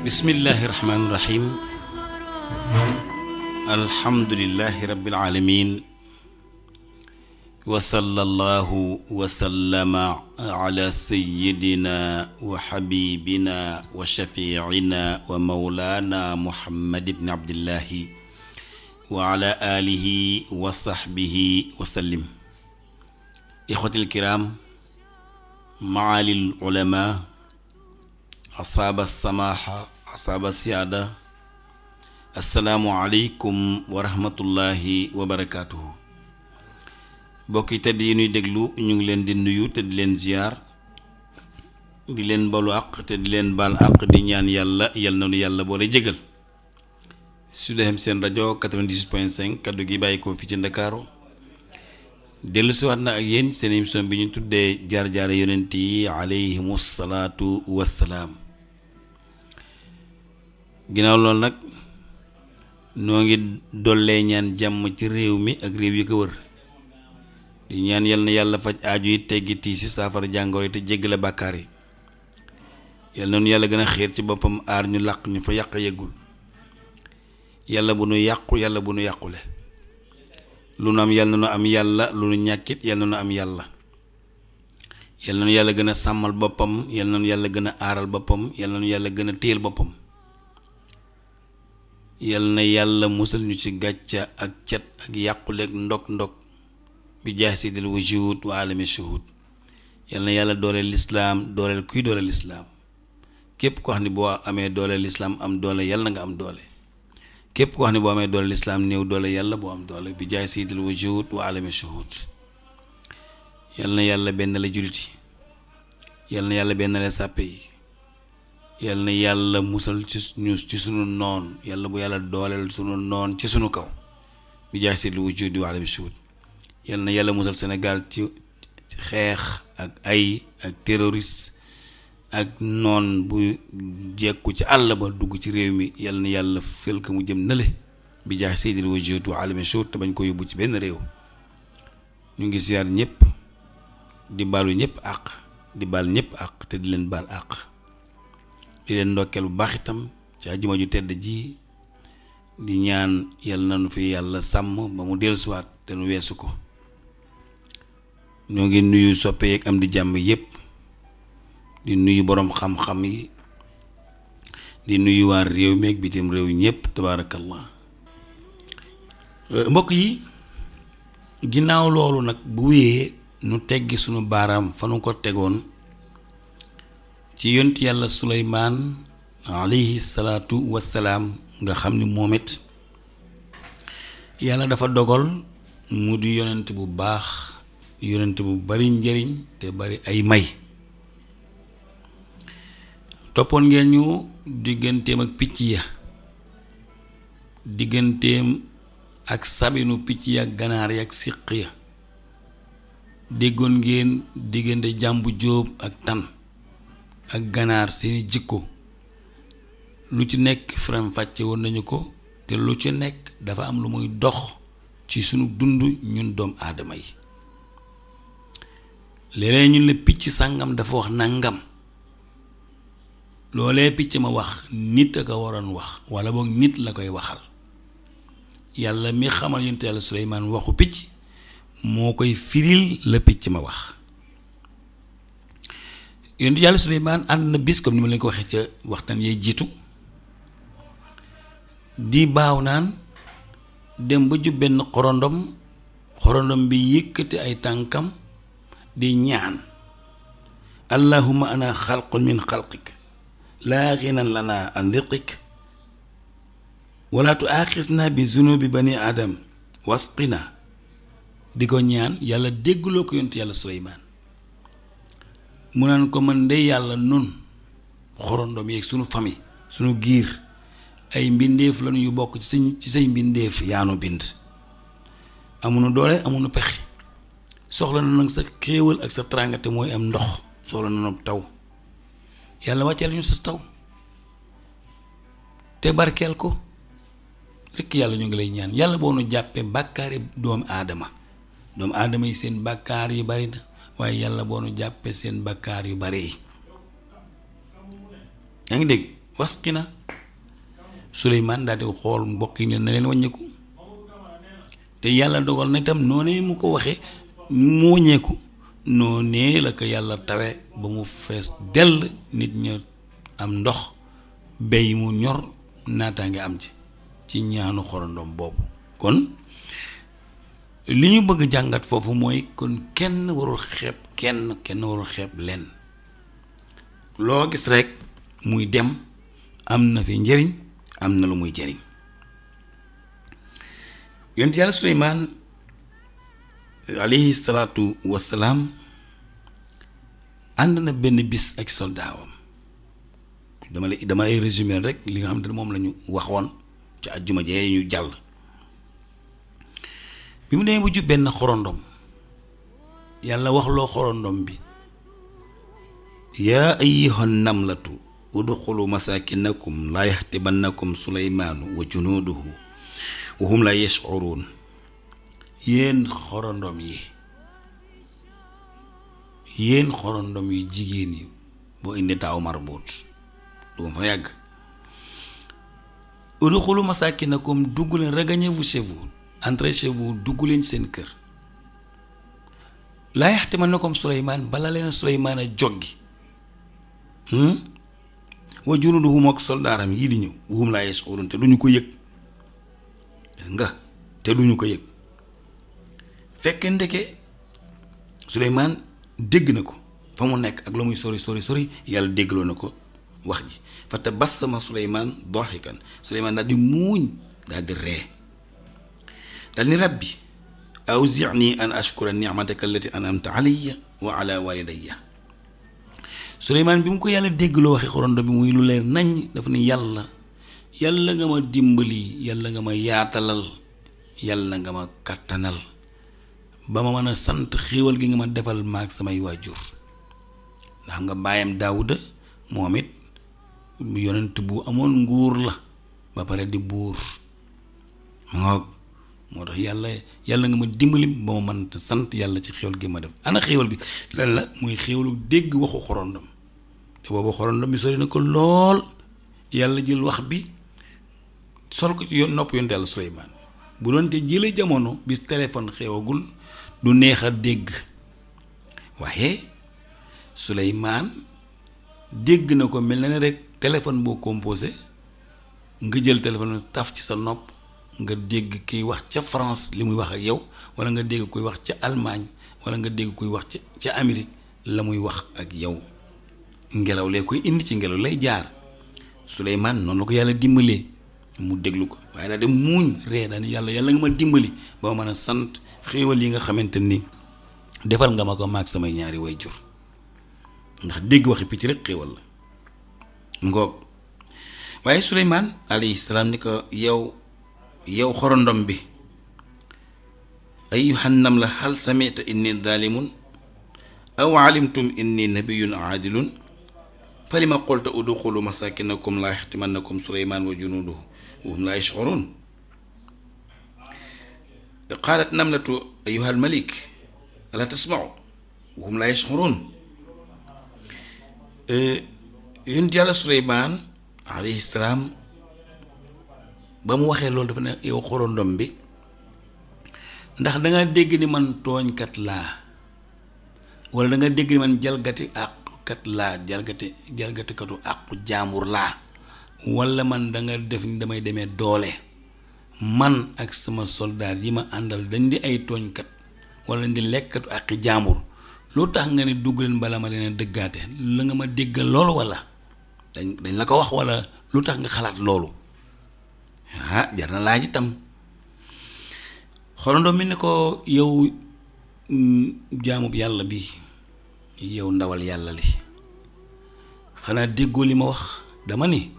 bismillahi rahmaani rahiim alhamdulillahi rabbil aalamiin wa sallallahu wa sallama ala sayyidina wa xabibina wa shafiicina wa mawlaana muhammad ibn abdillahi wa ala aalihi wa saxbihi wa sallim ixwatil kiraam maalil ulamaa asaaba samaaxa asaaba siyaada asalaamualeykum wa rahmatullahi wa barakaatuhu bokki tedd yi nuy déglu ñu ngi leen di nuyu te di leen ziyaar di leen balu àq te di leen baal àq di ñaan yàlla yal na nu yàlla boole jégal Sud FM seen rajo 98.5 kaddu gi bàyyi ko fi ci ndakaaru dellusiwaat na ak yéen seen émission bi ñu tuddee jaar-jaare yonent yi aleyhimu salaatu wassalaam ginnaaw lool nag noo ngi dollee ñaan jàmm ci réew mi ak réew yi ko wër di ñaan yal na yàlla faj aaju yi teggi tiisi saafara jàngoor yi te jéggale bàkkaar yi yal na nu yàlla gën a xiir ci boppam aar ñu làq ñu fa yàq yeggul yàlla bu nu yàqu yàlla bu nu yàqule lu nu am yàlla nu am yàlla lu nu ñàkkit yàlla nu am yàlla yàlla na nu yàlla gën a sàmmal boppam yàlla na nu yàlla gën a aaral boppam yàlla na nu yàlla gën a téyel boppam yal na yàlla musal ñu ci gàcca ak cet ak yàquleeg ndog ndog bi jaay si dil wujud wa alami shuhud yal na yàlla dooleel lislaam dooleel kuy dooleel lislaam képp ko xam ne boo amee doole lislaam am doole yàlla na nga am doole képp ko xam ne boo amee doole lislaam néew doole yàlla boo am doole bi jaay si dil wujud wa alami shuhud yal na yàlla benn la juliti yal na yàlla benn la sàppe yi yal na yàlla musal ci ci sunu noon yàlla bu yàlla dooleel sunu noon ci sunu kaw bi jaax si lu wujudi wa adam shuhud yal yàlla musal Sénégal ci xeex ak ay ak ak noon bu jekku ci àll ba dugg ci réew mi yal na yàlla fël ko mu jëm nale bi jaay seydil wujud wa alami suut te bañ ko yóbbu ci benn réew ñu ngi ziar ñëpp di baalu ñëpp àq di baal ñëpp àq te di leen baal àq di leen ndokkeel bu baax itam ci àjjuma ju tedd ji di ñaan yal na nu fi yàlla sàmm ba mu dellusiwaat te nu weesu ko ñoo ngi nuyu soppe yeeg am di jàmm yépp di nuyu boroom xam-xam yi di nuyu waa réew mi ak bitim réew ñëpp tabaarakallah mbokk yi ginnaaw loolu nag bu wéyee nu teggi sunu baaraam fa nu ko tegoon ci yoont yàlla suleymaan alayhi salaatu wassalaam nga xam ni moom yàlla dafa dogal mu di yonent bu baax yonent bu bari njariñ te bari ay may toppoon ngeen ñu digganteem ak picc ya digganteem ak sabinu picc ya ganaar ya ak siq ya déggoon ngeen diggante jàmbu jóob ak tan ak ganaar seeni jikko lu ci nekk faram fàcce nañu ko te lu ci nekk dafa am lu muy dox ci sunu dund ñun doom aadama yi léeg-léeg ñun la picc sàngam dafa wax nangam loolee picc ma wax nit a ko waroon wax wala boog nit la koy waxal yàlla mi xamal yonent yàlla waxu picc moo koy firil la picc ma wax yonentu yàlla Suleymaan ànd na bis comme ni ma leen ko waxee ca waxtaan yee jiitu di baaw naan dem ba jub benn xorondom xorondom bi yëkkati ay tànkam di ñaan allahuma ana xalqun min xalqik laa xinan lana an rizqik wala tu bi zunubi bani adam wasqina di ko ñaan yàlla déggloo ko yonentu yàlla Suleymaan mu naan ko man day yàlla nun xorondoom yeeg sunu famille sunu giir ay mbindeef lañu yu bokk ci sa ci say mbindeef yaanu bind amunu doole amunu pexe soxla na nag sa xéewal ak sa tràngate mooy am ndox soxla na nag taw yàlla wàcceel ñu sa taw te barkeel ko rekk yàlla ñu ngi lay ñaan yàlla boo nu jàppee bàkkaari doomu aadama doom aadama yi seen bàkkaar yi bari waaye yàlla boo nu jàppee seen bakkaar yu bare yi yaa dégg wasqi na Suleymaan daal di xool mbokk yi ne na leen wàññeeku te yàlla dogal na itam noonee mu ko waxee mu wàññeeku noonee la ko yàlla tawe ba mu fees dell nit ña am ndox béy mu ñor naataa ngi am ci ci ñaanu xorandoom boobu kon li ñu bëgg jàngat foofu mooy kon kenn warul xeeb kenn kenn warul xeeb lenn loo gis rek muy dem am na fi njëriñ am na lu muy jëriñ yonent yàlla Suleymaan alayhi salaatu wassalaam ànd na benn bis ak soldaawam dama lay dama lay résumer rek li nga xam ne moom lañu ñu waxoon ci àjjuma jee ñu jàll bi mu demee bu benn xorondom yàlla wax loo xorondom bi yaa ayyuhan namlatu udxulu masakinakum laa yaxtibannakum suleymaanu wa junuuduhu wa hum laa yashcuruun yéen xorondom yi yéen xorondom yu jigéen yi boo indi taaw marbuut duma fa yàgg udxulu masakinakum dugg leen regagnez-vous chez entrez chez vous dugg leen seen kër laa yaxtimannakum Suleymaan bala leen Suleymaan a joggi hmm? wa junuuduhum ak soldaaram yii di ñëw wahum laa yash'uruun te du ñu ko yëg nga te du ñu ko yëg fekk ndeke Suleymaan dégg na ko fa mu nekk ak la muy sori sori sori yàlla déggloo na ko wax ji fa tabassama Suleymaan daahikan Suleymaan daal di muuñ daal di ree dal ni rabbi awzini an ashkura nicmataka allati anamta alayya wa ala walidayya suleymaan bi mu ko yàlla déggloo waxi xorondo bi muy lu leer nañ dafa ni yàlla yàlla nga ma dimbali yàlla nga ma yaatalal yàlla nga ma kàttanal ba ma mën a sant xéewal gi nga ma defal maag samay waajur ndax nga bàyyam daawuda moom it yonent bu amoon nguur la ba pare di buur mu ngoog moo tax yàlla yàlla nga ma dimbali ba ma mën sant yàlla ci xéwal gi ma def ana xéwal gi lan la muy xéwalu dégg waxu xorondom te boobu xorondom bi sori na ko lool yàlla jël wax bi sol ko ci yoon nopp yonte yàlla Suleymaan bu doon te jële jamono bi téléphone xewagul du neex a dégg waaye Suleymaan dégg na ko mel na ne rek téléphone boo composé nga jël téléphone taf ci sa nopp nga dégg kiy wax ca France li muy wax ak yow wala nga dégg kuy wax ca Allemagne wala nga dégg kuy wax ca ca Amérique la muy wax ak yow ngelaw lee koy indi ci ngelaw lay jaar Souleymane noonu la ko yàlla dimbalee mu déglu ko waaye daal de muuñ ree daal yàlla yàlla nga ma dimbali ba ma mën a sant xéewal yi nga xamante ni defal nga ma ko maag samay ñaari wayjur ndax dégg waxi picc rek xéewal la ngoog waaye Souleymane alayhi salaam ni ko yow yow xorondom bi ayyuhannam la hal samita inni dalimun aw alimtum inni nabiyun aadilun falima qulta uduxulu masakinakum laa yaxtimannakum suleymaan wa junuduhu wa hum laa yashcuruun qaalat namlatu ayyuhal malik alaa tasmacu wa hum laa yashcuruun eh, yonent yàlla suleymaan alayhi salaam ba mu waxee loolu dafa ne yow xorondom bi ndax danga dégg ni man tooñkat laa wala danga dégg ni man jalgati àqkat laa jalgati jalgatikatu àqu jaambur laa wala man da nga def ni damay demee doole man ak sama soldaar yi ma àndal dañ di ay tooñkat wala dañ di lekkatu àqi jaambur lu tax nga ne dugg leen bala ma leen dëggaate la nga ma déggal loolu wala dañ dañ la ko wax wala lu tax nga xalaat loolu Ah, jar na laaj itam xorondoo mi ni ko yow mm, jaamub yàlla bi yow ndawal yàlla li xanaa déggoo li ma wax dama ni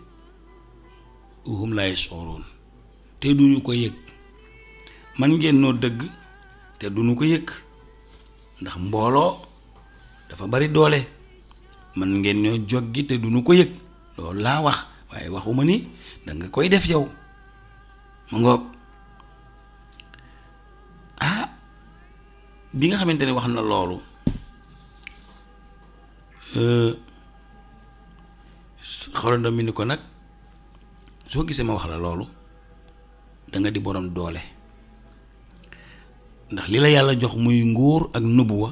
uhum laa yash'uruun te duñu ko yëg man ngeen noo dëgg te duñu ko yëg ndax mbooloo dafa bari doole man ngeen ñoo joggi te duñu ko yëg loolu laa wax waaye waxuma ni da nga koy def yow mu ngoog ah bi nga xamante ne wax na loolu euh, xorondom bi ni ko nag soo gisee ma wax la loolu danga di borom doole ndax li la yàlla jox muy nguur ak nubuwa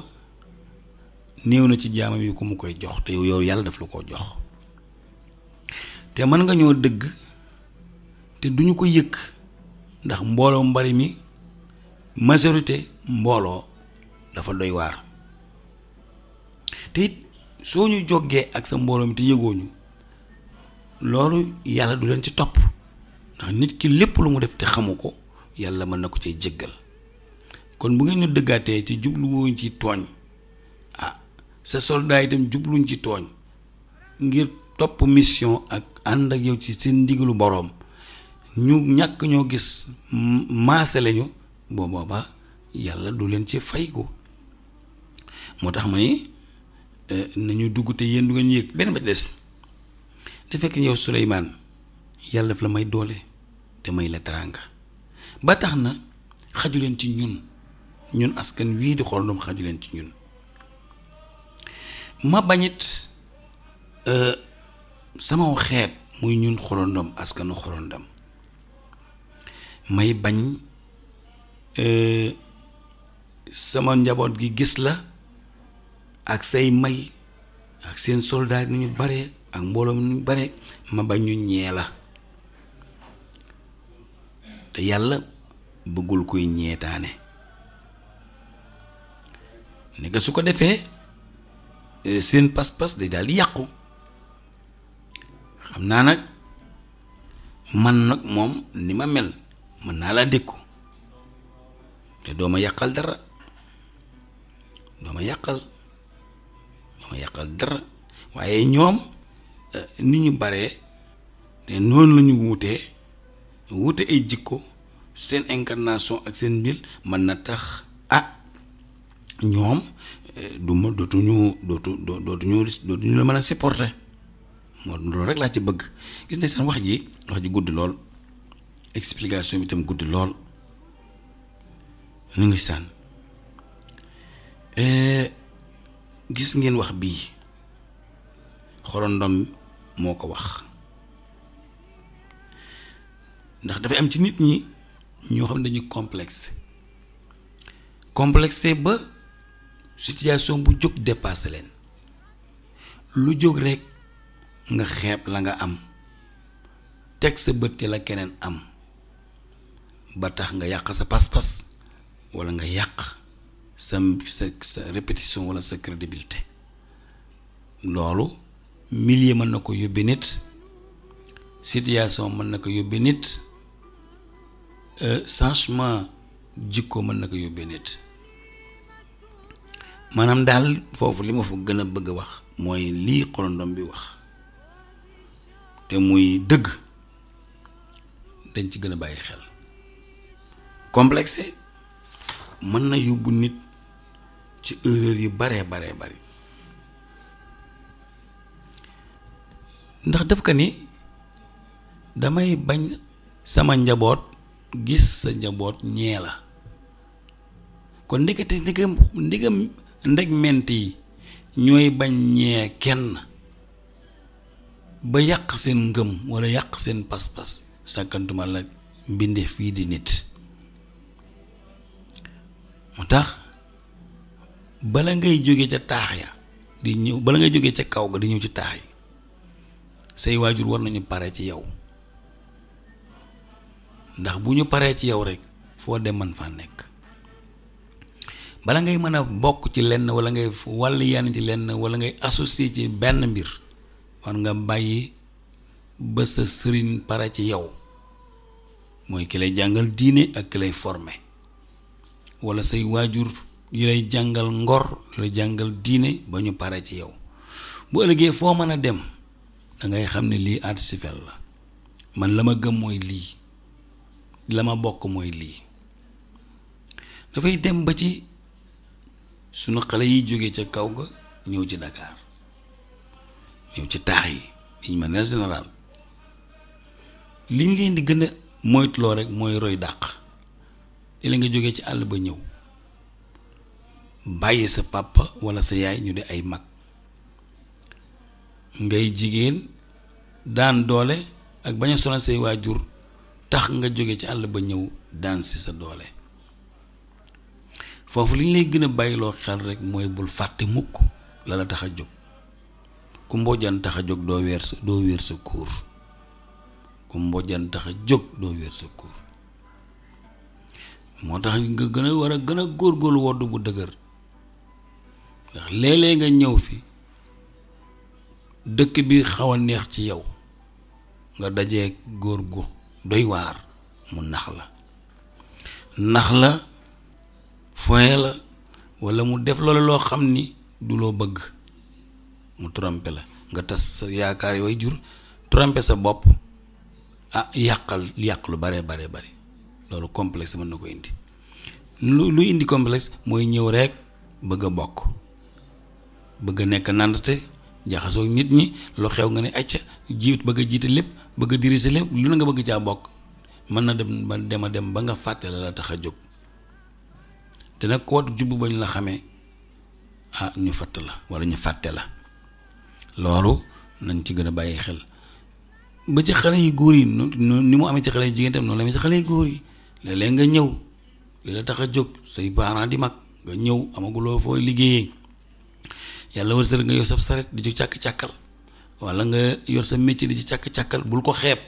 néew na ci jaamam yi ku mu koy jox te yow yàlla daf la koo jox te mën nga ñoo dëgg te duñu ko yëkk ndax mbooloo mbari mi majorité mbooloo dafa doy waar te soo ñu jógee ak sa mbooloo mi te yëgooñu loolu yàlla du leen ci topp ndax nit ki lépp lu mu def te xamu ko yàlla mën na ko cay jéggal kon bu ngeen ñu dëggaatee te jubluwuñ ci tooñ ah sa soldat itam jubluñ ci tooñ ngir topp mission ak ànd ak yow ci seen ndigalu boroom ñu ñàkk ñoo gis maase lañu boo yàlla du leen ci fay ko moo tax ma ni e, nañu dugg te yéen du ngeen yëg benn ba des da fekk yow Suleymaan yàlla daf la may doole te may la teraanga ba tax na xaju leen ci ñun ñun askan wii di xool doom xaju leen ci ñun ma bañit e, sama xeet muy ñun xorondom askanu xorondom may bañ euh, sama njaboot gi gis la ak say may ak seen soldaar ni ñu bare ak mbooloo mi ñu bare ma bañ ñu ñee la te yàlla bëggul koy ñeetaane nekk su ko defee euh, seen pas-pas day daal di yàqu xam naa nag man nag moom ni ma mel mën naa laa dégg ko te doo ma yàqal dara doo ma yàqal doo ma yàqal dara waaye ñoom eh, ni ñu bare te noonu la ñu wutee wute ay jikko seen incarnation ak seen mbir mën na tax ah ñoom eh, du ma dootu ñu dootu dootuñu dootuñu la mën a supporter moo loolu rek laa ci bëgg gis na seen wax ji wax ji gudd lool. explication bi tam gudd lool nu ngi sànn eh, gis ngeen wax bii xorondom moo ko wax ndax dafay am ci nit ñi ñoo xam ne dañuy complex complexe ba situation bu jóg dépassé leen lu jóg rekk nga xeeb la nga am teg sa bët la keneen am ba tax nga yàq sa pas-pas wala nga yàq sa sa sa répétition wala sa crédibilité loolu milieu mën na ko yóbbee nit situation mën na ko yóbbi nit euh, changement jikko mën na ko yóbbi nit maanaam daal foofu li ma fa gën a bëgg a wax mooy lii xorondom bi wax te muy dëgg dañ ci gën a bàyyi xel complexé mën na yóbbu nit ci erreur yu baree baree bari ndax daf ko ni damay bañ sama njaboot gis sa njaboot ñee la kon ndekete ndigam ndigam ndeg ment yi ñooy bañ ñee kenn ba yàq seen ngëm walla yàq seen pas-pas sàkkantuma la mbindeef fii di nit moo tax bala ngay jóge ca taax ya di ñëw bala ngay jóge ca kaw ga di ñëw ci taax yi say waajur war nañu pare ci yow ndax bu ñu paree ci yow rek foo dem man faa nekk bala ngay mën a bokk ci lenn wala ngay wàll yenn ci lenn wala ngay associé ci benn mbir war nga bàyyi ba sa sëriñ pare ci yow mooy ki lay jàngal diine ak ki lay formé wala say waajur yi lay jàngal ngor yi lay jàngal diine ba ñu paree ci yow bu ëllëgee foo mën a dem da ngay xam ne lii artificiel la man la ma gëm mooy lii la ma bokk mooy lii dafay dem ba ci sunu xale yi jóge ca kaw ga ñëw ci Dakar ñëw ci taax yi liñ ma ne général liñ leen di gën a moytuloo rek mooy roy dàq li nga jógee ci àll ba ñëw bàyyi sa papa walla sa yaay ñu di ay mag ngay jigéen daan doole ak bañ a sonal waajur tax nga jóge ci àll ba ñëw daan si sa doole foofu li lay gën a bàyyiloo xel rekk mooy bul fàtte mukk la la tax a jóg ku mbojjan tax a jóg doo weer sa doo weer kuur ku mbojjan tax a jóg doo weer sa kuur moo tax nga gën a war a gën a góor góorgóorlu wodd bu dëgër ndax léeg-léeg nga ñëw fi dëkk bi xaw a neex ci yow nga dajee góor gu doy waar mu nax la nax la foye la walla mu def loola loo xam ni du loo bëgg mu trompé la nga tas sa yaakaar yooyu jur trompé sa bopp ah yàqal yàq lu bare bare bare loolu complexe mën na ko indi lu lu indi complexe mooy ñëw rekk bëgg a bokk bëgg a nekk nandate jaxasoo nit ñi lu xew nga ne acca jiit bëgg a jiite lépp bëgg a diriger lépp lu na nga bëgg caa bokk mën na dem ba dem a dem ba nga fàtte la la tax a jóg te nag kootu jubbu ba ñu la xamee ah ñu fatt la wala ñu fàtte la loolu nañ ci gën a bàyyi xel ba ci xale yi góor yi ni mu amee ci xale yu jigéen tam noonu la amee ci xale yu góor yi léeg nga ñëw li tax a jóg say parents di mag nga ñëw amaguloo foo liggéeyee yàlla wërsëg nga yor sa saret di ci càkk-càkkal wala nga yor sa métier di ci càkk-càkkal bul ko xeeb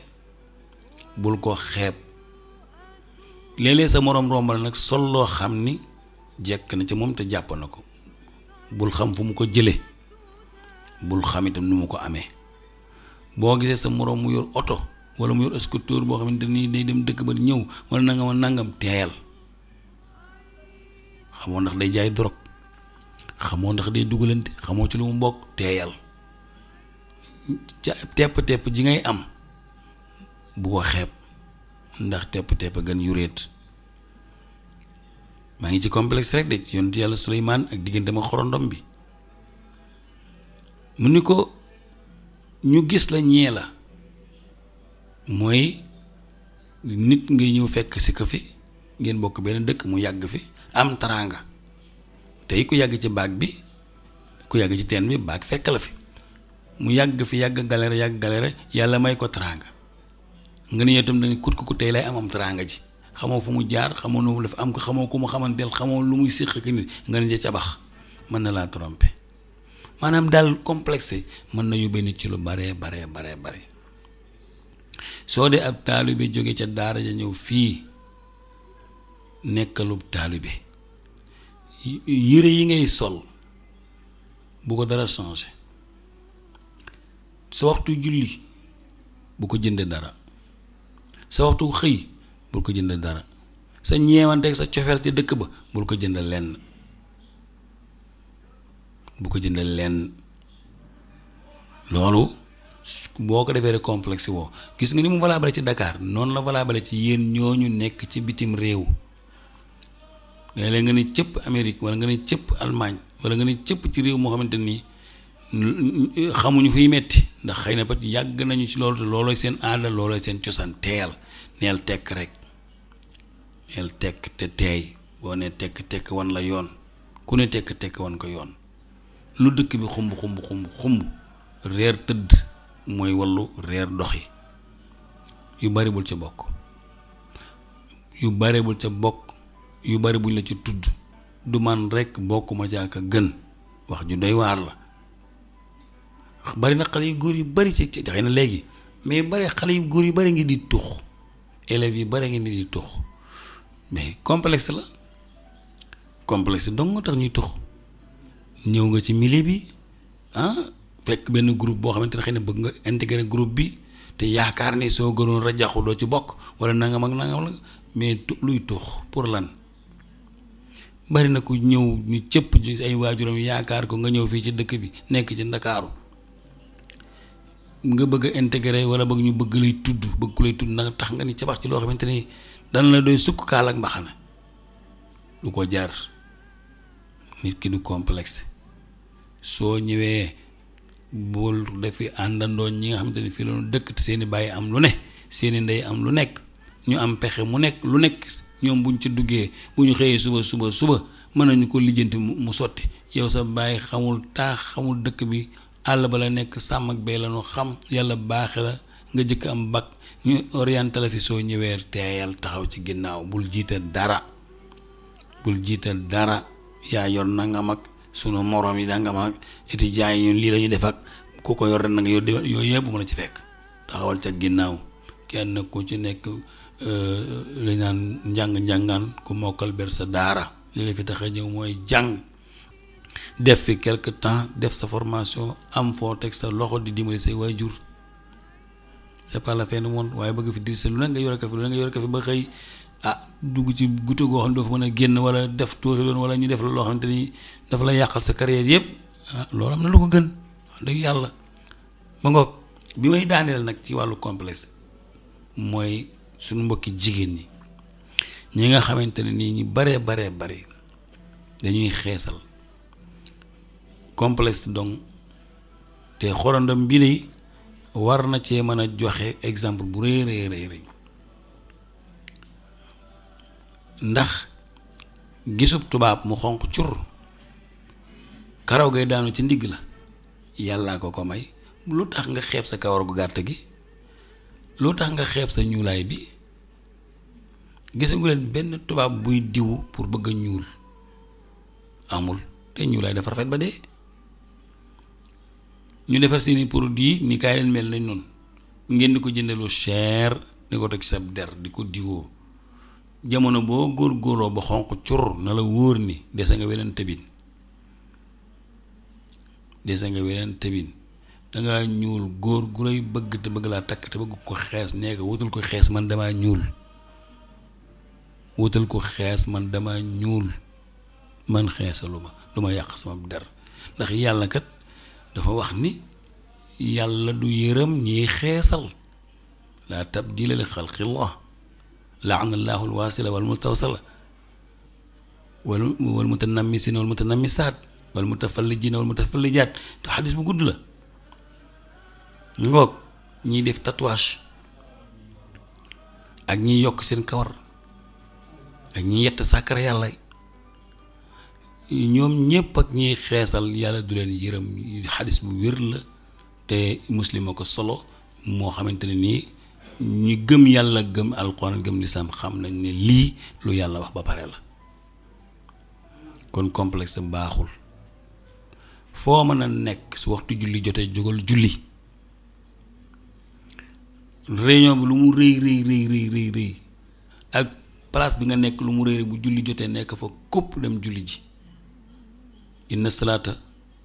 bul ko xeeb léeg sa moroom rombal nag sol loo xam ni jekk na ci moom te jàpp na ko bul xam fu mu ko jëlee bul xam itam nu mu ko amee boo gisee sa moroom mu yor oto wala mu yor scooter boo xamante ni day dem dëkk ba ñëw wala nangam a nangam teel xamoo ndax day jaay drogue xamoo ndax day dugalante xamoo ci lu mu bokk teeyal ca tepp tepp ji ngay am bu ko ndax tepp tepp gën yuréet maa ngi ci complexe rek de ci yonent yàlla Suleymaan ak diggante ma xorondom bi mu ni ko ñu gis la ñee la mooy nit ngay ñëw fekk si ko fi ngeen bokk benn dëkk mu yàgg fi am taraanga tey ku yàgg ci baag bi ku yàgg ci teen bi baag fekk la fi mu yàgg fi yàgg galère yàgg galère yàlla may ko taraanga nga ne itam dañ kut ku tey lay amam taraanga ji xamoo fu mu jaar xamoo nu dafa am ko xamoo ku mu xamoon xamanteel xamoo lu muy séq ak nit nga ne ca bax mën na laa tromper maanaam daal complexe mën na yóbbee nit ci lu baree baree baree bare soo de ab taalibe jóge ca daara ja ñëw fii nekkalub taalibe yére yi ngay sol bu ko dara changé sa waxtu julli bu ko jënd dara sa waxtu xëy bul ko jënd dara sa ñeewante sa cofeel ci dëkk ba bul ko jënd lenn bu ko jënd lenn loolu boo ko defee rek complexe woo gis nga ni mu valable ci dakaar noonu la valable ci yéen ñooñu nekk ci bitim réew léeg-léeg nga ne cëpp Amérique wala nga ne cëpp Allemagne wala nga ne cëpp ci réew moo xamante ni xamuñu fiy metti ndax xëy na pat yàgg nañu ci loolu te loolooy seen aada loolooy seen cosaan teel neel tekk rek neel tekk te teey boo ne tekk tekk wan la yoon ku ne tekk tekk wan ko yoon lu dëkk bi xumb xumb xumb xumb reer tëdd mooy wallu reer doxi yu bari bul ca bokk yu bari bul ca bokk yu bari buñ la ca tudd du man rekk bokkuma ca ak gën wax ju doy waar la bari na xale yu góor yu bari ci xëy na léegi mais bari xale yu góor yu bari ngi di tux élèves yi bari ngi ni di tux mais complexe la complexe dong nga tax ñuy tux ñëw nga ci milieu bi ah, fekk benn groupe boo xamante ne xëy na bëgg nga intégré groupe bi te yaakaar ne soo gënoon rajaxu doo ci bokk wala nangam ak nangam la mais luy tuux pour lan bari na ku ñëw ñu cëpp ci ay waajuram yaakaar ko nga ñëw fii ci dëkk bi nekk ci ndakaaru nga bëgg a intégrer wala bëgg ñu bëgg lay tudd bëgg ku lay tudd nag tax nga ni cabax ci loo xamante ni dana la doy sukk kaalak mbaxana du ko jar nit ki du complex soo ñëwee. bul dafi àndandoon ñi nga xam ni fi la dëkk te seeni i bàyyi am lu ne seeni ndey am lu nekk ñu am pexe mu nekk lu nekk ñoom buñ ci duggee bu ñu xëyee suba suba suba mën nañu ko lijjanti mu sotti yow sa bàyyi xamul taax xamul dëkk bi àll ba la nekk sàmm ak bee la xam yàlla baaxe la nga jëkk am bag ñu orienté fi soo ñëwee teeyal taxaw ci ginnaaw bul jiital dara bul jiital dara yaa yor nangam mag sunu morom yi danga ma étudiants yi ñun lii la def ak ku ko yor na nga yor yooyu yëpp mën a ci fekk taxawal ca ginnaaw kenn ku ci nekk euh, li naan njàng-njàngaan ku mokkal ber sa daara li la fi tax a ñëw mooy jàng def fi quelque temps def sa formation am foo teg sa loxo di dimbali say waajur c'est pas la fin du waaye bëgg fi dir sa lu ne nga yore ko fi lu ne nga yore ko fi ba xëy ah dugg ci gute goo xam ne doo fa mën a génn wala def tooxi loon wala ñu def la loo xamante ni dafa la yàqal sa carrière yëpp ah loolu am na lu ko gën wax yàlla ma ngoog bi may daaneel nag ci wàllu complexe mooy suñu mbokki jigéen ñi ñi nga xamante ne nii ñu baree baree bari dañuy xeesal complexe donc te xorandam bi lay war na cee mën a joxe exemple bu rëy rëy rëy ndax gisub tubaab mu xonq cur karaw gay daanu ci ndigg la yàllaa ko ko may lu tax nga xeeb sa kawar gu gàtt gi lu tax nga xeeb sa ñuulaay bi gisagu leen benn tubaab buy diw pour bëgg a ñuul amul te ñuulaay dafa rafet ba dee ñu defar seeni produit ni kaay leen mel nañ noonu ngeen di ko jënde lu cher di ko teg sa der di ko diwoo jamono boo góorgóorloo ba xonq cur na la wóor ni dese nga weneen tëbin dese nga weneen tëbin dangaa ñuul góor gu lay bëgg te bëgg laa takk te bëgg ko xees nee ko wutal ko xees man damaa ñuul wutal ko xees man dama ñuul man xeesalu ma du yàq sama der ndax yàlla kat dafa wax ni yàlla du yërëm ñiy xeesal laa tabdila li xalqillah laa na allahu alwaasila wal mu mustawsala wal wal mutanammisina wal mutanammisaat wal mutafallijina wal mutafallijaat te xadis bu gudd la ngoog ñiy def tatouage ak ñiy yokk seen kawar ak ñi yett sàkkara yàlla ñoom ñépp ak ñiy xeesal yàlla du leen yërëm xadis bu wér la te muslim a solo moo xamante ne nii ñi gëm yàlla gëm alxuraan gëm lislaam xam nañ ne lii lu yàlla wax ba pare la kon complexe baaxul foo mën a nekk su waxtu julli jotee jógal julli réyon bi lu mu rëy rëy rëy rëy ak place bi nga nekk lu mu rëy bu julli jotee nekk fa kopp dem julli ji inna salaata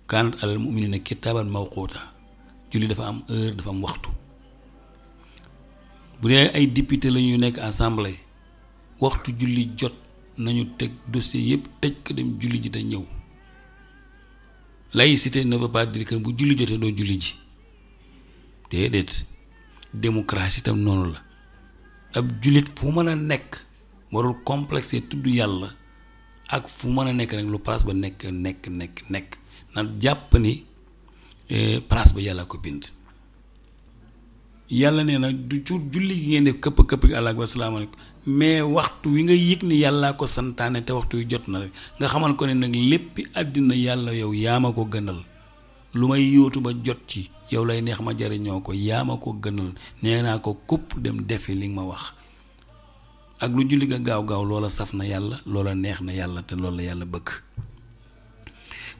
kaanat alal muminina kitaaban mawquuta julli dafa am heure dafa am waxtu bu dee ay député la ñuy nekk assemblée waxtu julli jot nañu teg dossier yëpp tëj ko dem julli ji te ñëw laïcité ne veut pas dire bu julli jotee doo julli ji déedéet démocratie tam noonu la ab jullit fu mën a nekk warul complexé tudd yàlla ak fu mën a nekk rek lu place ba nekk nekk nekk nekk na jàpp ni eh, place ba yàlla ko bind yàlla nee na du ci julli gi ngeen def këpp këpp gi àlla ak wasalaamaaleykum mais waxtu wi nga yëg ni yàllaa ko santaane te waxtu wi jot na rek nga xamal ko ne nag léppi àddina yàlla yow yaa ma ko gënal lu may yóotu ba jot ci yow lay neex ma jariñoo ko yaam a ko gënal nee naa ko këpp dem defi li ma wax ak lu julli ga gaaw gaaw loola saf na yàlla loola neex na yàlla te loolu la yàlla bëgg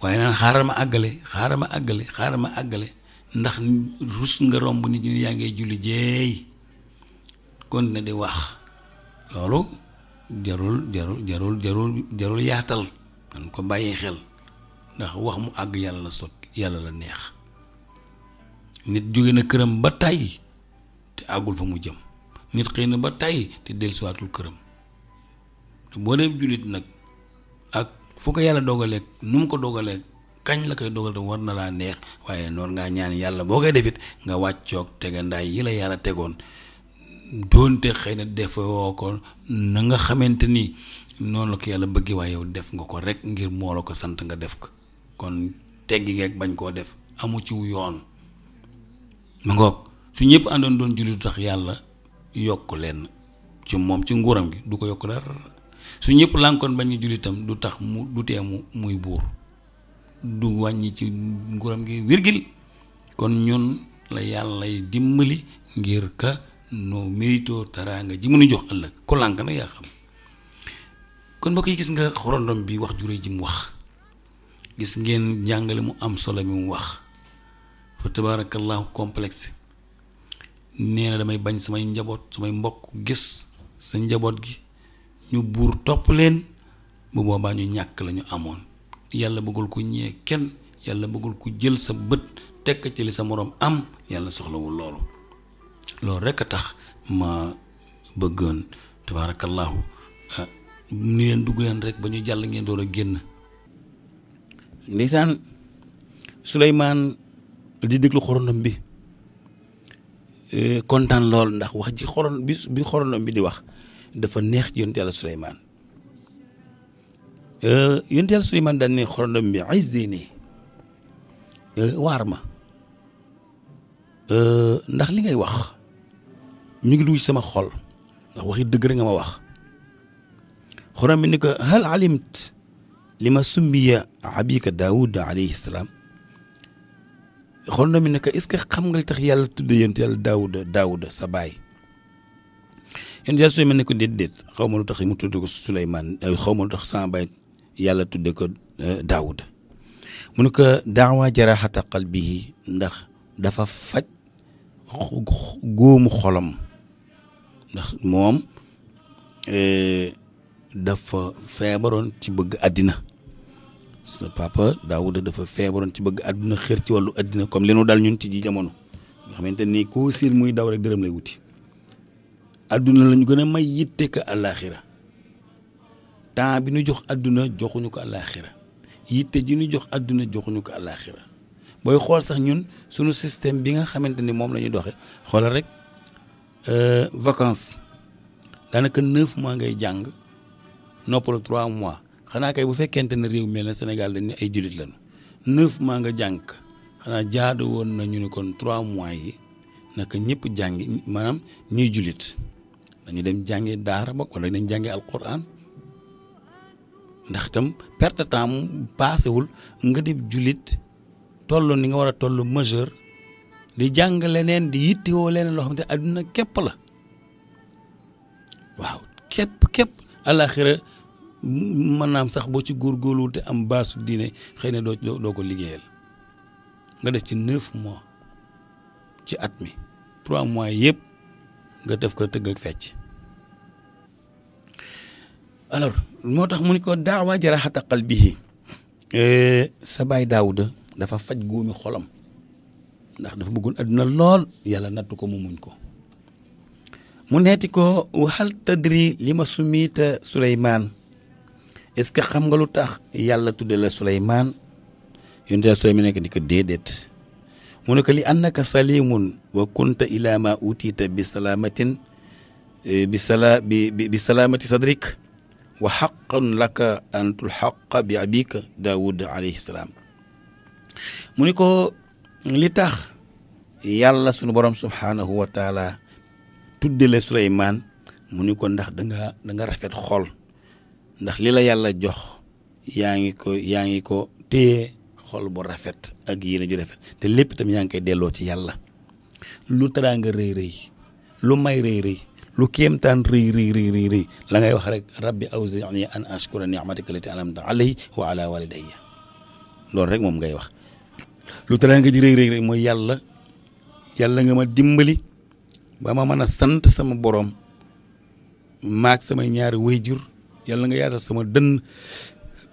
waaye naan xaaral ma àggale xaaral ma àggale xaaral ma àggale ndax rus nga romb nit ñi yaa ngay julli jeey kon na di wax loolu jarul jarul jarul jarul jarul yaatal nan ko bàyyi xel ndax wax mu àgg yàlla la sot yàlla la neex nit jóge na këram ba tàyyi te àggul fa mu jëm nit xëy na ba tàyyi te dellusiwaatul këram te boo dee jullit nag ak fu ko yàlla dogaleeg nu mu ko dogaleeg kañ la koy dogal te war na laa neex waaye noonu ngaa ñaan yàlla boo koy defit nga wàccoog tegandaay yi la yàlla tegoon doonte xëy na defoo ko na nga xamante ni noonu la ko yàlla bëggee waaye yow def nga ko rek ngir moo ko sant nga def ko kon teggi geeg bañ koo def amu ciw yoon mu ngoog su ñëpp àndoon doon julli du tax yàlla yokk leen ci moom ci nguuram gi du ko yokk dara su ñëpp lànkoon bañ a jullitam du tax mu du teemu muy buur du wàññi ci nguuram gi wirgil kon ñun la yàllay dimbali ngir ka no mérito taraanga ji mënu jox ëllëg ko lànk yaa xam kon mbokk yi gis nga xorondom bi wax jure ji mu wax gis ngeen njàngale mu am solo mi mu wax fa tabarakallahu complexe nee na damay bañ samay njaboot samay mbokk gis sa njaboot gi ñu buur topp leen bu boobaa ñu ñàkk lañu amoon yàlla bëggul ko ñee kenn yàlla bëggul ko jël sa bët tekk ci li sa moroom am yàlla soxlawul loolu loolu rekk a tax ma bëggoon tabaarakallaahu ah, ni leen dugg leen rek ba ñu jàll ngeen door a génn ndeysaan Souleymane di déglu xorondom bi eh, kontaan lool ndax wax ji xoron bi bi xorondom bi di wax dafa neex ci yonent yàlla Souleymane Euh, yonent yàlla Suleymaan daan ne xorondom bi izzini euh, waar ma euh, ndax li ngay wax ñu ngi dugg ci sama xol ndax waxi dëgg rek nga ma wax xorondom bi ni ko hal alimt li ma summiya abika daawud alayhi salaam xorondom bi ni ko est-ce que xam nga li tax yàlla tudde yonent yàlla daawuda daawuda sa baay yonent yàlla Suleymaan ne ko déet déet xaw ma lu tax mu tudd ko Suleymaan xaw ma lu tax sama baay yàlla tudde ko eh, daawud mu ne ko daawa jaraxata qalbihi ndax dafa faj góomu xolam ndax moom eh, dafa feebaroon ci bëgg àddina sa papa daawuda dafa feebaroon ci bëgg àddina xër ci wàllu àddina comme li nu dal ñun ci ji jamono nga xamante nii koo siir muy daw rek dërëm lay wuti àdduna lañu gën a may yitte ka àllaaxira temps bi ñu jox àdduna joxuñu ko àllaaxira yitte ji nu jox àdduna joxuñu ko àllaaxira booy xool sax ñun suñu système bi nga xamante ni moom la ñu doxee xoolal rek euh, vacances daanaka neuf maa ngay jàng noppalu trois mois xanaa kay bu fekkente ne réew mel na Sénégal dañ ne ay julit lan neuf maa nga jàng xanaa jaadu woon na ñu ne kon trois mois yi naka ñëpp jàngi maanaam ñuy julit dañu dem jàngi daara bokk wala dañ jàngi alquran ndax itam perte temps mu paasewul nga di jullit toll ni nga war a tollu majeur di jàng leneen di yittewoo leneen loo xam te àdduna képp la waaw képp képp alaxira maanaam sax boo ci góorgóorluwul te am baasu diine xëy na doo doo ko liggéeyal nga def ci neuf mois ci at mi trois mois yëpp nga def ko tëgg ak fecc alors moo tax mu ni ko daawa jaraxata qalbihi eh, sa baay daawuda dafa faj góomi xolam ndax dafa bëggoon àdduna lool yàlla nattu ko mu muñ ko mu neeti ko waxal tadri li ma sumiita Souleymane est-ce que xam nga lu tax yàlla tudde la Souleymane yonte Souleymane nekk di ko déedéet mu ne ko li annaka salimun wa kunta ila ma utiita bi salaamatin eh, bi bi bi salaamati sadrik wa xaqan laka antul tulxaqa bi abika daawud alayhi salaam mu ni ko li tax yàlla sunu borom subhaanahu wa taala tuddele Suleymaan mu ni ko ndax danga nga rafet xol ndax li la yàlla jox yaa ngi ko yaa ngi ko téye xol bu rafet ak yéene ju rafet te lépp itam yaa ngi koy delloo ci yàlla lu teraanga rëy rëy lu may rëy rëy lu kéemtaan rëy rëy rëy rëy rëy la ngay wax rek rabbi awzi'ni an ashkura ni'mataka allati an'amta alayya wa ala walidayya loolu rek moom ngay wax lu tëra nga ji rëy rëy rëy mooy yàlla yàlla nga ma dimbali ba ma mën a sant sama borom maag samay ñaari jur yalla nga yaatal sama dënn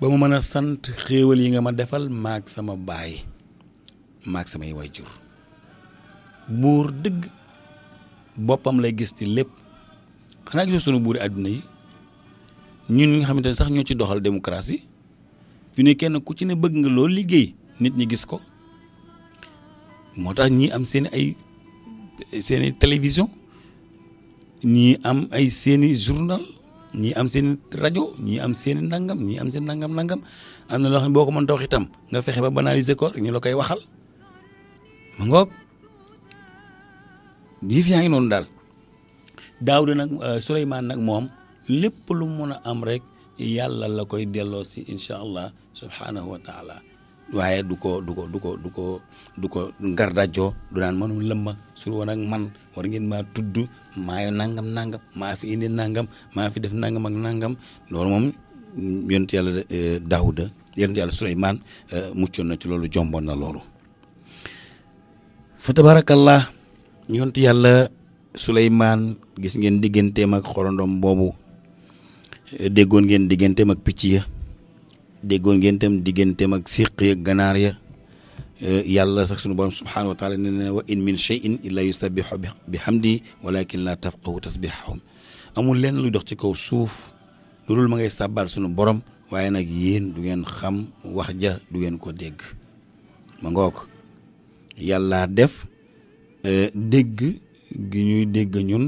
ba ma mën a sant xéewal yi nga ma defal maag sama baay maag samay wayjur buur dëgg boppam lay gisti ci lépp xanaa gisoo sunu buur àdduna yi ñu ñi nga xamante ne sax ñoo ci doxal démocratie fi ne kenn ku ci ne bëgg nga loolu liggéey nit ñi gis ko moo tax ñii am seeni ay seen i télévision ñii am ay seeni i journal ñii am seen rajo ñii am seeni i nangam ñii am seen nangam nangam am na loo xam ne boo ko mën ta wax itam nga fexe ba banaliser ko rek ñu la koy waxal mu ngoog yëf yaa ngi noonu daal Daawuda nag euh, Souleymane nag moom lépp lu mun a am rek yàlla la koy delloo si incha allah subhaanahu wa taala waaye du ko du ko du ko du ko du ko ngardajoo du naan mënu lamma su woon ak man war ngeen maa tudd maayo nangam nangam maa fi indi nangam maa fi def nangam ak nangam loolu moom yonent yàlla euh, Daawuda yonent yàlla Souleymane euh, muccoon na ci loolu jomboon na loolu fa tabarakallah yonent yàlla Souleymane gis ngeen digganteem ak xorondom boobu déggoon ngeen digganteem ak picc ya déggoon ngeen tam digganteem ak siq ya ganaar ya yàlla sax sunu borom subhaanahu wa taala nee na wa in min shay'in illa yusabbihu bi hamdi walakin la tafqahu tasbihahum amul leen luy dox ci kaw suuf loolu ma ngay sàbbaal sunu borom waaye nag yéen du ngeen xam wax ja du ngeen ko dégg ma ngoog yàlla def eh, dégg gi ñuy dégg ñun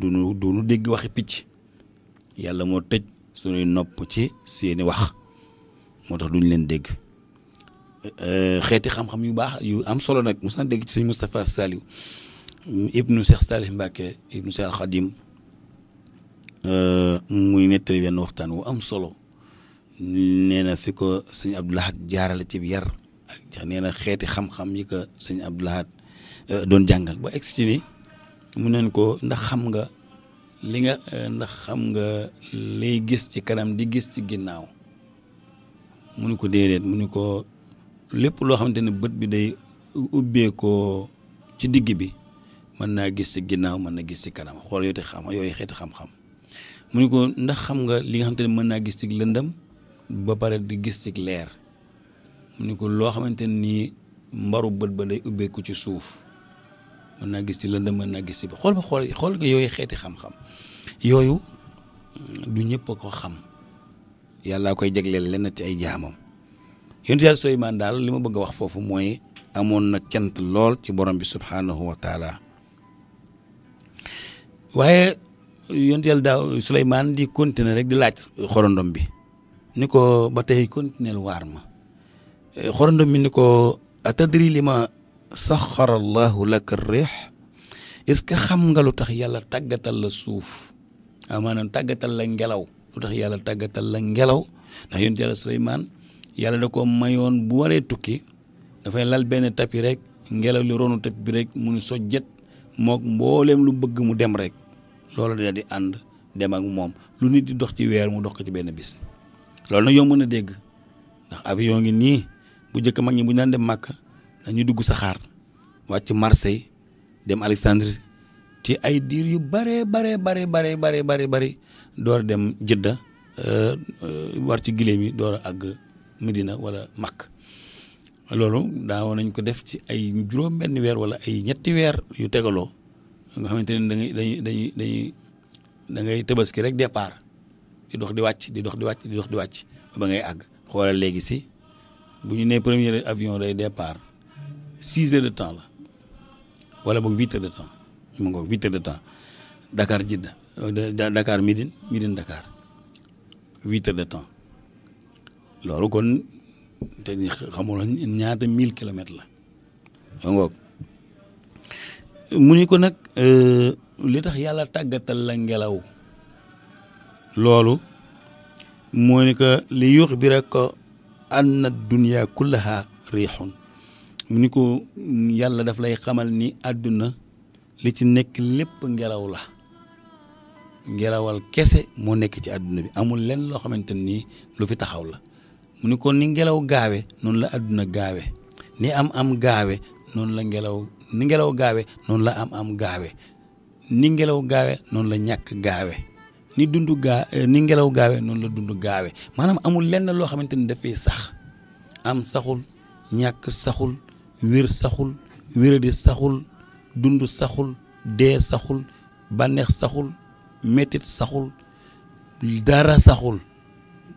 duñu duñu dégg waxi picc yàlla moo tëj suñuy nopp ci seeni wax moo tax duñ leen dégg euh, xeeti xam-xam yu baax yu am solo nag mos na dégg ci sëñ Moustapha Saliou ibnu Cheikh Salih Mbacke ibnu Cheikh Khadim euh, muy nettali benn waxtaan wu am solo neena fi ko sëñ Abdoulahat jaarale ci yar ak nee na xeeti xam-xam yi ko sëñ Abdoulahat euh, doon jàngal ba egsi ci ni mu neen ko ndax xam nga li nga eh, ndax xam nga lay gis ci kanam di gis ci ginnaaw mu ni ko déedéet mu ni ko lépp loo xamante ne bët bi day ubbee ci digg bi mën naa gis ci ginnaaw mën na gis ci kanam xool yooyu te xam yooyu xeeti xam mu ni ko ndax xam nga li nga xamante ni mën naa gis ci lëndam ba pare di gis ci leer mu ni ko loo xamante nii mbaru bët ba day ubbeeku ci suuf mën naa gis ci lëndëm mën naa gis ci bi xool ba xool xool nga yooyu xeeti xam-xam yooyu mm, du ñëpp a ko xam yàllaa koy jagleel lenn ci ay jaamam yonent yàlla Suleymaan daal li ma bëgg a wax foofu mooy amoon nag cant lool ci borom bi subhaanahu wa taala waaye yonent yàlla daaw Suleymaan di continuer rek di laaj xorondom bi ni ko ba tey continuer waar ma eh, xorondom bi ni ko atadri li ma saxara allahu laka riix est-ce que xam nga lu tax yàlla tàggatal la suuf waaw ah, tàggatal la ngelaw lu tax yàlla tàggatal la ngelaw ndax yonent yàlla Suleymaan yàlla da ko mayoon bu waree tukki dafay lal benn tapi rek ngelaw li ronu tapi bi rek mu sojjet mook mbooleem lu bëgg mu dem rek loolu dina di ànd dem ak moom lu nit di dox ci weer mu dox ko ci benn bis loolu nag yow mën a dégg ndax avion ngi nii bu njëkk mag ñi bu ñu daan dem Màkka dañuy dugg saxaar wàcc Marseille dem Alexandrie ci ay diir yu bare bare bare bare bare bare bëri door dem Jëdda euh, euh, war ci gileem yi door a àgg Medina wala Makk loolu daawoon nañ ko def ci ay juróom benn weer wala ay ñetti weer yu tegaloo nga xamante ne da ngay dañuy dañuy dañuy da dangay tabaski rek départ di dox di wàcc di dox di wàcc di dox di wàcc ba ngay àgg xoolal léegi si bu ñu nee premier avion day départ six heures de temps la wala boog huit heures de temps mu ngoog huit heures de temps Dakar Jidda euh, Dakar Médine Médine Dakar huit heures de temps loolu kon te xamuloo ñaata mille kilomètres la ma mu ni ko nag euh, li tax yàlla tàggatal la ngelaw loolu moo ni ko li yuux bi rek ko anna dunya kullaha riixun mu ni ko yàlla daf lay xamal ni àdduna li ci nekk lépp ngelaw la ngelawal kese moo nekk ci àdduna bi amul lenn loo xamante nii lu fi taxaw la mu ni ko ni ngelaw gaawe noonu la àdduna gaawe ni am am gaawe noonu la ngelaw ni ngelaw gaawe noonu la am am gaawe ni ngelaw gaawe la ñàkk gaawe ni dund gaa eh, ni ngelaw gaawe noonu la dund gaawe maanaam amul lenn loo xamante ni dafay sax am saxul ñàkk saxul wér saxul wéradi saxul dund saxul dee saxul bànneex saxul mettit saxul dara saxul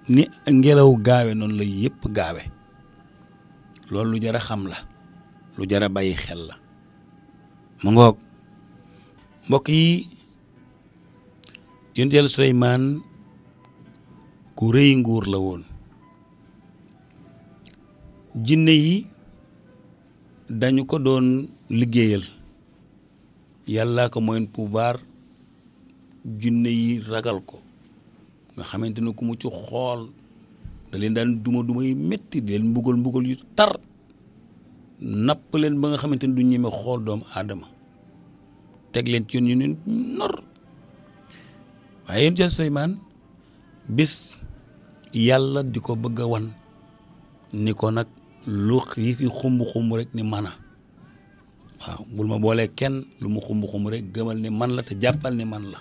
ni ngelaw gaawe noonu la yëpp gaawe loolu lu jar a xam la lu jar a bàyyi xel la mu ngoog mbokk yi yonent Yàlla ku rëy nguur la woon jinne yi dañu ko doon liggéeyal yàllaa ko moyen pouvoir junne yi ragal ko nga xamante ne ku mu ci xool da leen daan duma duma yi métti leen mbugal mbugal yu tar napp leen ba nga xamante ne du ñeme xool doomu aadama teg leen ci yoon yu ne nor waaye yéen jël Suleymaan bis yàlla di ko bëgg a wan ni ko nag lu yi fi xumb rek ni mana a waaw bul ma boolee kenn lu mu xumb xumb rek gëmal ni man la te jàppal ni man la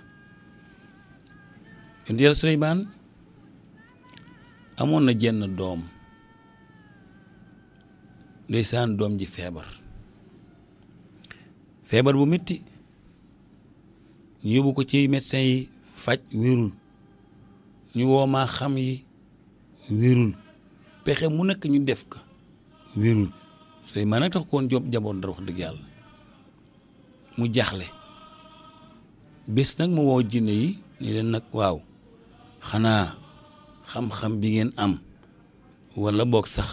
yonent Yàlla amoon na jenn doom ndeysaan doom ji feebar feebar bu metti ñu yóbbu ko ci médecin yi faj wérul ñu woomaa xam yi wérul pexe mu nekk ñu def ko wérul sooy man a tax koon job jaboot dara wax dëgg yàlla mu jaaxle bés nag mu woo jinne yi ni leen nag waaw xanaa xam-xam bi ngeen am wala boog sax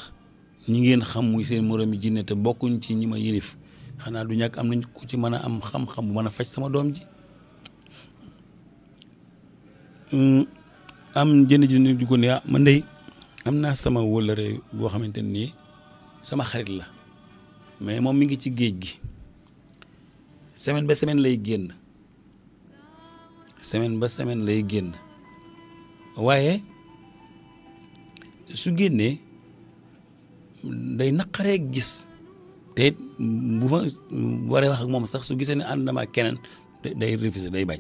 ñi ngeen xam muy seen moroom yi jinne te bokkuñ ci ñi ma yilif xanaa du ñàkk am nañ ku ci mën a am xam-xam bu mën a faj sama doom ji mm, am jënd jënd di ko ne ah man dey am naa sama wëllëre boo xamante nii sama xarit la mais moom mi ngi ci géej gi semaine ba semaine lay génn semaine ba semaine lay génn waaye su génnee day naqaree gis te bu ma waree wax ak moom sax su gisee ne ànd na ma keneen day refuser day bañ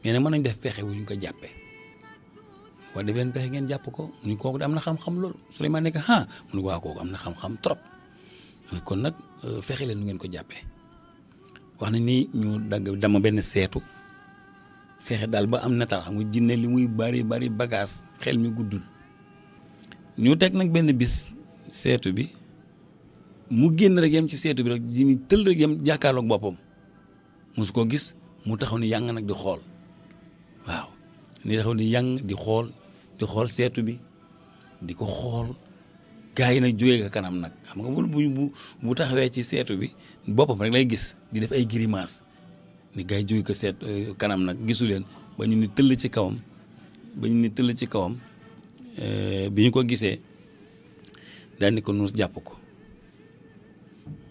mais nag mën nañ def fexe wu ko jàppee waa def leen pexe ngeen jàpp ko mu ni kooku de am na xam-xam loolu Souleymane nekk ah mu ni waa kooku am na xam-xam trop mu ni kon nag euh, fexe leen nu ngeen ko jàppee wax na ni ñu dagg dama benn seetu fexe daal ba am nataal xam mu jinne li muy bari bari bagaas xel mi guddul ñu teg nag benn bis seetu bi mu génn rek yem ci seetu bi rek ji ni tël rek yem jàkkaarloog boppam mosu ko gis mu taxaw ni yàng nag di xool waaw ni taxaw ni yàng di xool di xool seetu bi di ko xool gars yi nag jógee ka kanam nag xam nga bu bu bu taxawee ci seetu bi boppam rek lay gis di def ay grimace ni gars yi ko seet eh, kanam nag gisu leen ba ñu ni tëll ci kawam ba ñu ni tëll ci kawam eh, bi ñu ko gisee daal ni ko nuus jàpp ko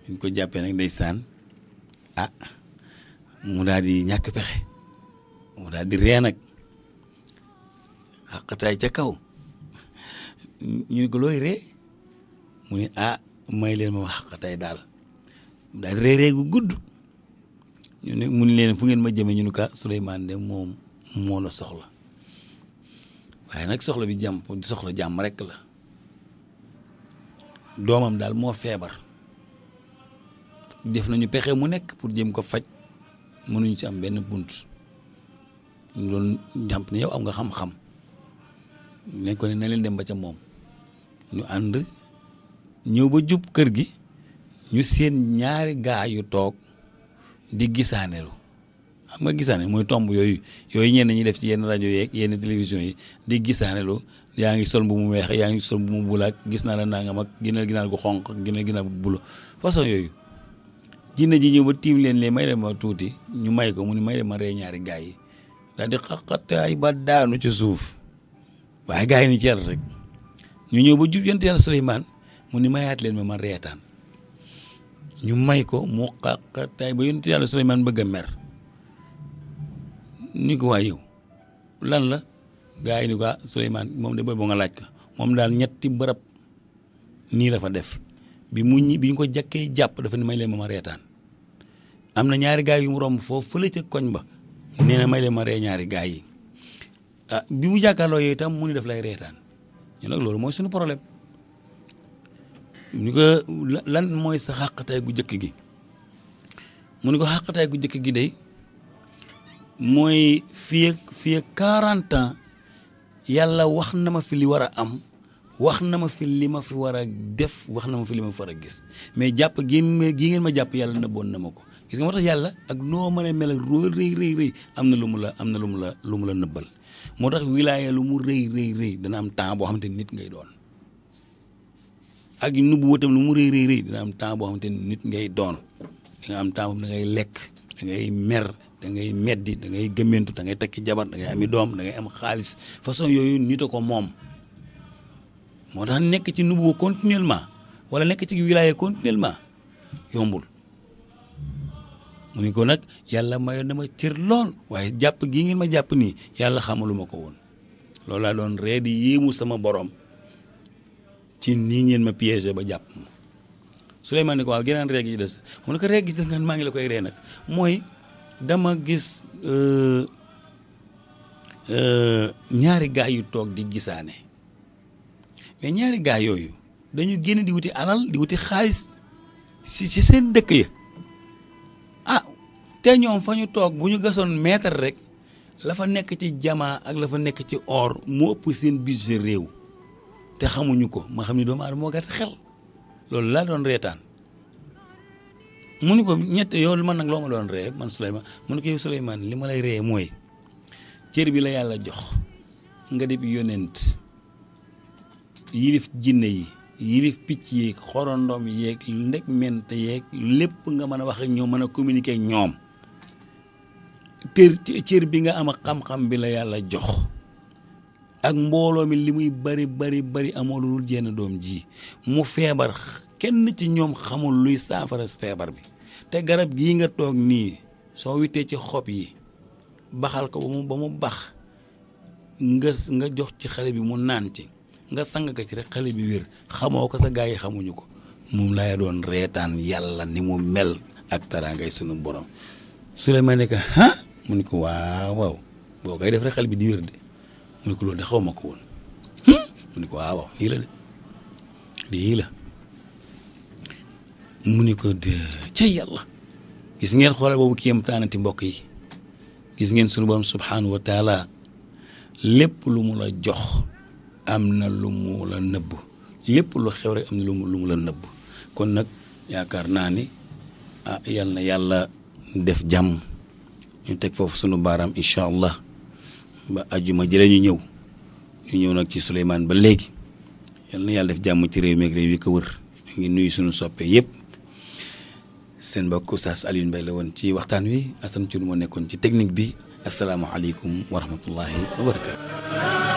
bi ñu ko jàppee nag day saan ah mu daal di ñàkk pexe mu daal di ree nag xaqataay ca kaw ñu ne ko looy ree mu ni ah may leen ma wax xaqataay daal daal ree gu gudd ñu mu ne leen fu ngeen ma jëmee ñu ne ka ah, Souleymane de moom moo la soxla waaye nag soxla bi jàmp soxla jàmm rekk la doomam daal moo feebar def nañu pexe mu nekk pour jëm ko faj mënuñ ci am benn bunt ñu doon jàmp ne yow am nga xam-xam ne ko ne na leen dem ba ca moom ñu ànd ñëw ba jub kër gi ñu seen ñaari gaa yu toog di gisaaneelu xam nga gisaane mooy tomb yooyu yooyu ñenn ñi def ci yenn rajo yeeg yenn télévision yi di gisaaneelu yaa ngi sol bu mu weex yaa ngi sol bu mu bulaak gis naa la nga ak ginaar ginaar gu xonq ginaar ginaar bu bulo façon yooyu jinne ji ñëw ba tiim leen lee may dem tuuti ñu may ko mu ni may dem ma ree ñaari gaay yi daal di xaqataay ba daanu ci suuf waaye gaa yi ni ci rek ñu ñëw ba jub yonent yàlla Suleymaan mu ni mayaat leen ma man reetaan ñu may ko mu xaqataay ba yonent yàlla Suleymaan bëgg a mer ni ko waa yow lan la gaa yi ni ko ah, Suleymaan moom de booy nga laaj ko moom daal ñetti bërëb nii la fa def bi mu ñi bi ñu ko jàkkee jàpp dafa ni may leen ma ma reetaan am na ñaari gaay yu mu romb foofu fële koñ ba nee may leen ma ree ñaari gaay yi ah bi mu jàkkaarloo yooyu itam mu ni daf lay reetaan ñu nag loolu mooy suñu problème ñu ko lan mooy sa xàqataay gu njëkk gi mu ni ko xàqataay gu njëkk gi day mooy fii ak fii quarante ans yàlla wax na ma fi li war a am wax na ma fi li ma fi war a def wax na ma fi li ma fi war a gis mais jàpp gi gi ngeen ma jàpp yàlla nëbboon na ma ko gis nga moo tax yàlla ak noo mën a mel ak rëy rëy rëy am na lu mu la am na lu mu la lu mu la nëbbal moo tax wilaaya lu mu rëy rëy dana am temps boo xamante ni nit ngay doon ak nubu wëtam lu mu rëy rëy rëy dana am temps boo xamante ni nit ngay doon da am temps boobu da ngay lekk da ngay mer da ngay meddi da ngay gëmmentu da ngay takki jabar da ngay ami doom da am xaalis façon yooyu nit a ko moom moo tax nekk ci nubu continuellement wala nekk ci wilaaya continuellement yombul mu ne ko nag yàlla mayoon na ma cër lool waaye jàpp gii ngeen ma jàpp nii yàlla ma ko woon loolu laa doon ree di yéemu sama boroom ci nii ngeen ma piégé ba jàpp ma Souleymane ne ko waaw geneen reeg yi des mu ne ko reeg yi des nga maa ngi la koy ree mooy dama gis euh, euh, ñaari gaay yu toog di gisaane mais ñaari gaay yooyu dañu génn di wuti alal di wuti xaalis si ci seen dëkk ya te ñoom fa ñu toog bu ñu gasoon mètre rek la fa nekk ci jamaa ak la fa nekk ci or mu ëpp seen budget réew te xamuñu ko ma xam ni doomu aadama moo gàtt xel loolu laa doon reetaan mu ni ko ñett yow man nag loo ma doon ree man Souleymane mu ni ko yow Souleymane li ma lay ree mooy cër bi la yàlla jox nga dib yonent yilif jinne yi yilif picc yeeg xorondom yeeg ndeg ment yeeg lépp nga mën a wax ak ñoom mën a communiquer ñoom cër cër bi nga am ak xam-xam bi la yàlla jox ak mbooloo mi li muy bari bari bari amoo lu dul jenn doom ji mu feebar kenn ci ñoom xamul luy saafara feebar bi te garab gii nga toog nii soo witee ci xob yi baxal ko ba mu bax nga nga jox ci xale bi mu naan ci nga sang ko ci rek xale bi wér xamoo ko sa gaa yi xamuñu ko moom lay doon reetaan yàlla ni mu mel ak taraangay sunu borom su la ma mu ni ko waaw waaw boo koy def rek xel bi di wér de mu ne ko loolu de xaw ma ko woon hmm? mu ne ko waaw waaw nii la de lii la mu ni ko de ca yàlla gis ngeen xoolal boobu kiyam taanati mbokk yi gis ngeen sunu borom subhaanahu wa taala lépp lu mu la jox am na lu mu la nëbb lépp lu xew rek am na lu mu la nëbb kon nag yaakaar naa ni ah yal na yàlla def jàmm ñu teg foofu sunu baaraam incha allah ba ajjuma jële ñu ñëw ñu ñëw nag ci Souleymane ba léegi yal na yàlla def jàmm ci réew mi ak réew yi ko wër ñu ngi nuyu sunu soppe yëpp seen mbokk Oustaz Alioune Mbaye la woon ci waxtaan wi Assane Thioune moo nekkoon ci technique bi asalaamaaleykum wa rahmatullahi wa barakatu